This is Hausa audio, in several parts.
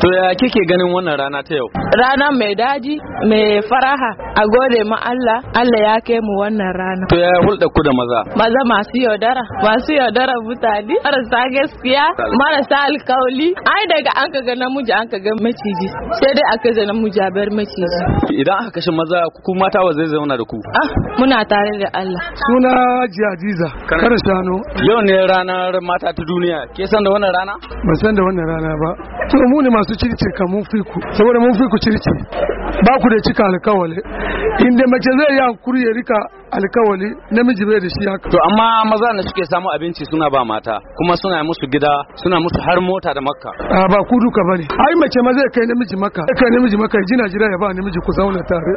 To ya kike ganin wannan rana ta yau? Rana mai daji, mai faraha, a gode ma Allah, Allah ya kai mu wannan rana. To ya hulɗa ku da maza? Maza masu yaudara, masu yaudara mutane, marasa gaskiya, marasa alkawali. Ai daga an ka ga namiji an ka ga maciji, sai dai aka ga namiji a bar maciji. Idan aka kashe maza ku mata wa zai zauna da ku? Ah, muna tare da Allah. Suna Jihadiza, karin shano. Yau ne ranar mata ta duniya, ke san da wannan rana? Ban san da wannan rana ba. To mu ne masu circe ka mun fi ku saboda mun fi ku circe ba ku da cika alkawali inda mace zai yi hankuri ya rika alkawali namiji bai da shi haka to amma maza ne suke samu abinci suna ba mata kuma suna musu gida suna musu har mota da makka a ba ku duka bane ai mace ma zai kai namiji makka kai namiji makka na jira ya ba namiji ku zauna tare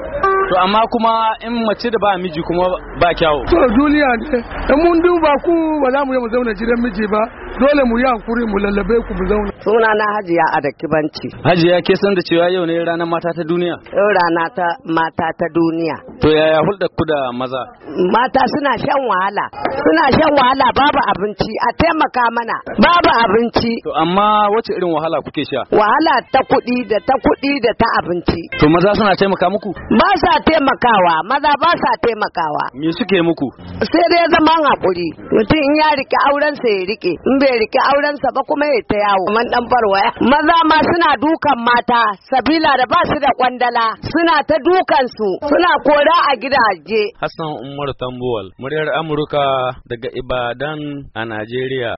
to amma kuma in mace da ba miji kuma ba kyawu to duniya ne mun duba ku ba za mu yi mu zauna jiran miji ba dole mu yi hankuri mu lallabe ku mu zauna. Suna na Hajiya a Kibanci. Hajiya ke san da cewa yau ne ranar mata ta duniya? Yau rana ta mata ta duniya. To yaya hulɗar ku da maza? Mata suna shan wahala, suna shan wahala babu abinci, a taimaka mana babu abinci. To amma wace irin wahala kuke sha? Wahala ta kuɗi da ta kuɗi da ta abinci. To maza suna taimaka muku? Ba sa taimakawa, maza ba sa taimakawa. Me suke muku? Sai dai zama haƙuri, mutum in ya auren sa ya rike, in bai auren sa ba kuma ya ta yawo. Man ɗan farwaya. Maza ma suna dukan mata, sabila da ba su da kwandala, suna ta dukan su suna kore gida a gidaje. Hassan Umar Tambuwal, muryar Amurka daga Ibadan a Najeriya.